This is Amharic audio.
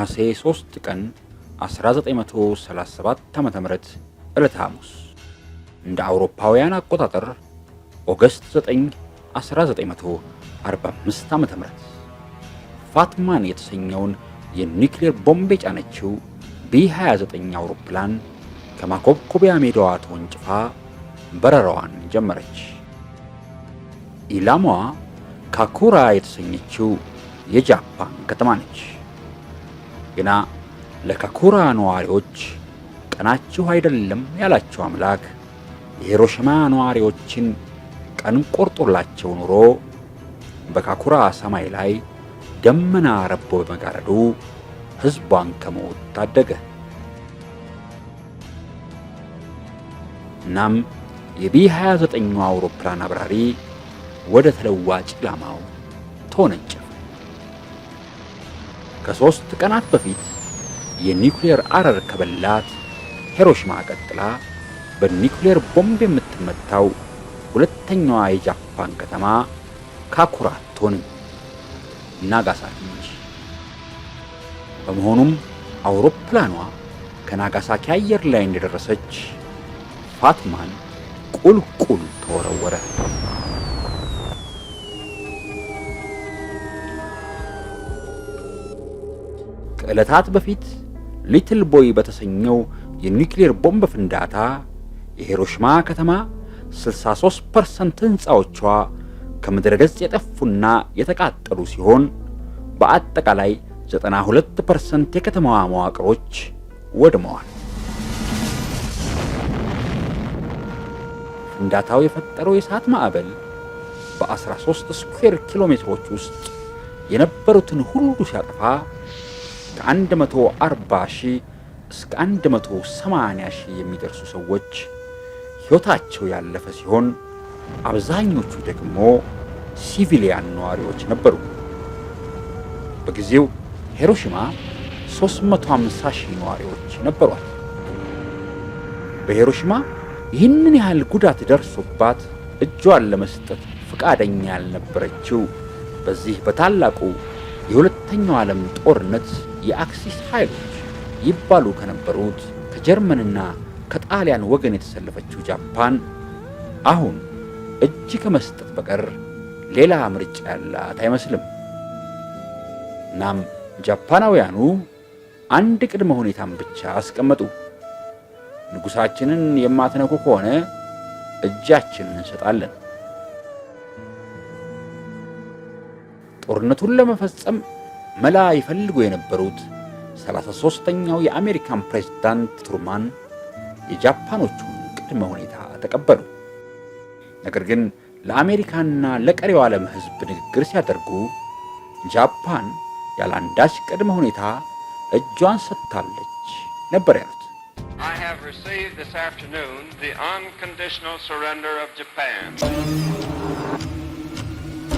ነሐሴ 3 ቀን 1937 ዓ.ም ዕለተ ሐሙስ እንደ አውሮፓውያን አቆጣጠር ኦገስት 9 1945 ዓ.ም ፋትማን የተሰኘውን የኒክሌር ቦምብ የጫነችው ቢ29 አውሮፕላን ከማኮብኮቢያ ሜዳዋ ተወንጭፋ በረራዋን ጀመረች። ኢላማዋ ካኩራ የተሰኘችው የጃፓን ከተማ ነች። ግና ለከኩራ ነዋሪዎች ቀናችሁ አይደለም ያላቸው አምላክ የሂሮሽማ ነዋሪዎችን ቀን ቆርጦላቸው ኑሮ በካኩራ ሰማይ ላይ ደመና ረቦ በመጋረዱ ሕዝቧን ከሞት ታደገ። እናም የቢ 29ኛው አውሮፕላን አብራሪ ወደ ተለዋጭ ላማው ተወነጨፈ። ከሦስት ቀናት በፊት የኒውክሌር አረር ከበላት ሄሮሽማ ቀጥላ በኒውክሌር ቦምብ የምትመታው ሁለተኛዋ የጃፓን ከተማ ካኩራ አትሆንም፣ ናጋሳኪ ነች። በመሆኑም አውሮፕላኗ ከናጋሳኪ አየር ላይ እንደደረሰች ፋትማን ቁልቁል ተወረወረ። ከዕለታት በፊት ሊትል ቦይ በተሰኘው የኒውክሌር ቦምብ ፍንዳታ የሂሮሽማ ከተማ 63% ሕንፃዎቿ ከምድረ ገጽ የጠፉና የተቃጠሉ ሲሆን በአጠቃላይ 92% የከተማዋ መዋቅሮች ወድመዋል። ፍንዳታው የፈጠረው የእሳት ማዕበል በ13 ስኩዌር ኪሎ ሜትሮች ውስጥ የነበሩትን ሁሉ ሲያጠፋ 140 ሺህ እስከ 180 ሺህ የሚደርሱ ሰዎች ሕይወታቸው ያለፈ ሲሆን አብዛኞቹ ደግሞ ሲቪሊያን ነዋሪዎች ነበሩ። በጊዜው ሄሮሽማ 350 ሺህ ነዋሪዎች ነበሯል። በሄሮሽማ ይህንን ያህል ጉዳት ደርሶባት እጇን ለመስጠት ፈቃደኛ ያልነበረችው በዚህ በታላቁ የሁለተኛው ዓለም ጦርነት የአክሲስ ኃይሎች ይባሉ ከነበሩት ከጀርመንና ከጣሊያን ወገን የተሰለፈችው ጃፓን አሁን እጅ ከመስጠት በቀር ሌላ ምርጫ ያላት አይመስልም። እናም ጃፓናውያኑ አንድ ቅድመ ሁኔታን ብቻ አስቀመጡ። ንጉሳችንን የማትነኩ ከሆነ እጃችንን እንሰጣለን። ጦርነቱን ለመፈጸም መላ ይፈልጉ የነበሩት 33ኛው የአሜሪካን ፕሬዝዳንት ትሩማን የጃፓኖቹን ቅድመ ሁኔታ ተቀበሉ። ነገር ግን ለአሜሪካና ለቀሪው ዓለም ሕዝብ ንግግር ሲያደርጉ ጃፓን ያለ አንዳች ቅድመ ሁኔታ እጇን ሰጥታለች ነበር ያሉት። I have received this afternoon the unconditional surrender of Japan.